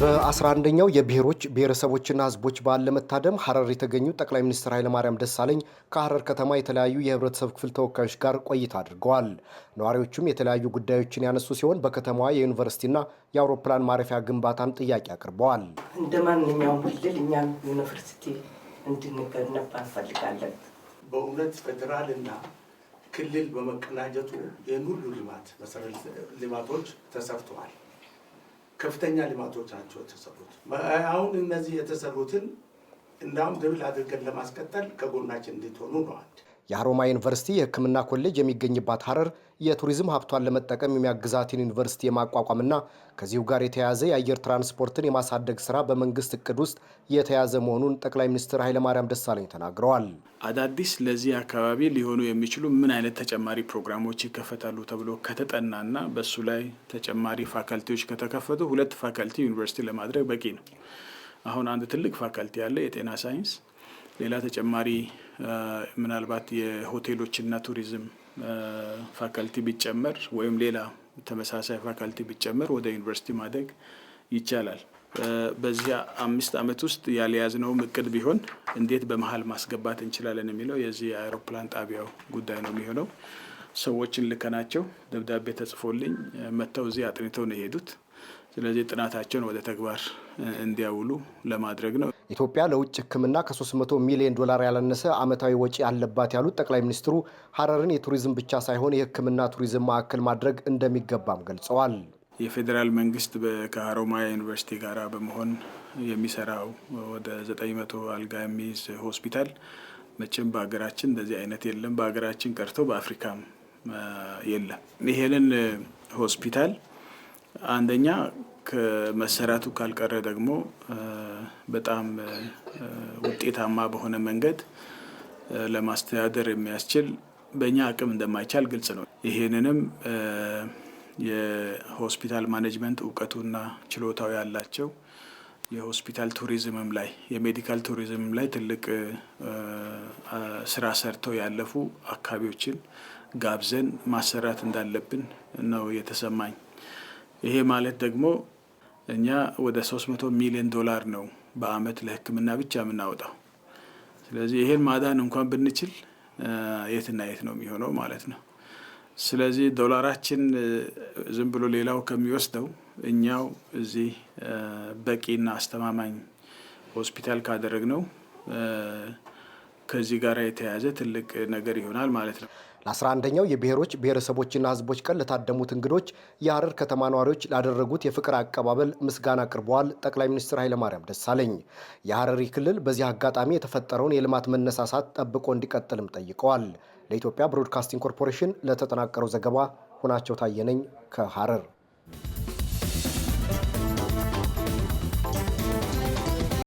በ11ኛው የብሔሮች ብሔረሰቦችና ህዝቦች በዓል ለመታደም ሐረር የተገኙ ጠቅላይ ሚኒስትር ኃይለማርያም ደሳለኝ ከሐረር ከተማ የተለያዩ የህብረተሰብ ክፍል ተወካዮች ጋር ቆይታ አድርገዋል። ነዋሪዎቹም የተለያዩ ጉዳዮችን ያነሱ ሲሆን በከተማዋ የዩኒቨርሲቲና የአውሮፕላን ማረፊያ ግንባታን ጥያቄ አቅርበዋል። እንደ ማንኛውም ክልል እኛም ዩኒቨርሲቲ እንድንገነባ እንፈልጋለን። በእውነት ፌዴራልና ክልል በመቀናጀቱ የሁሉ ልማት መሰረተ ልማቶች ተሰርተዋል። ከፍተኛ ልማቶች ናቸው የተሰሩት። አሁን እነዚህ የተሰሩትን እንዳሁም ድብል አድርገን ለማስቀጠል ከጎናችን እንድትሆኑ ነው። የአሮማ ዩኒቨርሲቲ የሕክምና ኮሌጅ የሚገኝባት ሀረር የቱሪዝም ሀብቷን ለመጠቀም የሚያግዛትን ዩኒቨርሲቲ የማቋቋምና ከዚሁ ጋር የተያያዘ የአየር ትራንስፖርትን የማሳደግ ስራ በመንግስት እቅድ ውስጥ የተያዘ መሆኑን ጠቅላይ ሚኒስትር ኃይለማርያም ደሳለኝ ተናግረዋል። አዳዲስ ለዚህ አካባቢ ሊሆኑ የሚችሉ ምን አይነት ተጨማሪ ፕሮግራሞች ይከፈታሉ ተብሎ ከተጠናና በሱ ላይ ተጨማሪ ፋካልቲዎች ከተከፈቱ ሁለት ፋካልቲ ዩኒቨርሲቲ ለማድረግ በቂ ነው። አሁን አንድ ትልቅ ፋካልቲ ያለ የጤና ሳይንስ ሌላ ተጨማሪ ምናልባት የሆቴሎችና ቱሪዝም ፋካልቲ ቢጨመር ወይም ሌላ ተመሳሳይ ፋካልቲ ቢጨመር ወደ ዩኒቨርሲቲ ማደግ ይቻላል። በዚህ አምስት ዓመት ውስጥ ያልያዝነውም እቅድ ቢሆን እንዴት በመሀል ማስገባት እንችላለን የሚለው የዚህ የአውሮፕላን ጣቢያው ጉዳይ ነው የሚሆነው። ሰዎችን ልከናቸው ደብዳቤ ተጽፎልኝ መጥተው እዚህ አጥንተው ነው የሄዱት። ስለዚህ ጥናታቸውን ወደ ተግባር እንዲያውሉ ለማድረግ ነው። ኢትዮጵያ ለውጭ ሕክምና ከ300 ሚሊዮን ዶላር ያላነሰ ዓመታዊ ወጪ ያለባት ያሉት ጠቅላይ ሚኒስትሩ ሀረርን የቱሪዝም ብቻ ሳይሆን የሕክምና ቱሪዝም ማዕከል ማድረግ እንደሚገባም ገልጸዋል። የፌዴራል መንግስት ከሀሮማያ ዩኒቨርሲቲ ጋር በመሆን የሚሰራው ወደ 900 አልጋ የሚይዝ ሆስፒታል መቼም በሀገራችን እንደዚህ አይነት የለም። በሀገራችን ቀርቶ በአፍሪካም የለም። ይሄንን ሆስፒታል አንደኛ ከመሰራቱ ካልቀረ ደግሞ በጣም ውጤታማ በሆነ መንገድ ለማስተዳደር የሚያስችል በእኛ አቅም እንደማይቻል ግልጽ ነው። ይሄንንም የሆስፒታል ማኔጅመንት እውቀቱና ችሎታው ያላቸው የሆስፒታል ቱሪዝምም ላይ የሜዲካል ቱሪዝምም ላይ ትልቅ ስራ ሰርተው ያለፉ አካባቢዎችን ጋብዘን ማሰራት እንዳለብን ነው የተሰማኝ። ይሄ ማለት ደግሞ እኛ ወደ 300 ሚሊዮን ዶላር ነው በአመት ለህክምና ብቻ የምናወጣው። ስለዚህ ይሄን ማዳን እንኳን ብንችል የትና የት ነው የሚሆነው ማለት ነው። ስለዚህ ዶላራችን ዝም ብሎ ሌላው ከሚወስደው እኛው እዚህ በቂና አስተማማኝ ሆስፒታል ካደረግ ነው ከዚህ ጋር የተያያዘ ትልቅ ነገር ይሆናል ማለት ነው። ለ11ኛው የብሔሮች ብሔረሰቦችና ህዝቦች ቀን ለታደሙት እንግዶች የሐረር ከተማ ነዋሪዎች ላደረጉት የፍቅር አቀባበል ምስጋና አቅርበዋል ጠቅላይ ሚኒስትር ኃይለማርያም ደሳለኝ። የሐረሪ ክልል በዚህ አጋጣሚ የተፈጠረውን የልማት መነሳሳት ጠብቆ እንዲቀጥልም ጠይቀዋል። ለኢትዮጵያ ብሮድካስቲንግ ኮርፖሬሽን ለተጠናቀረው ዘገባ ሁናቸው ታየነኝ ከሐረር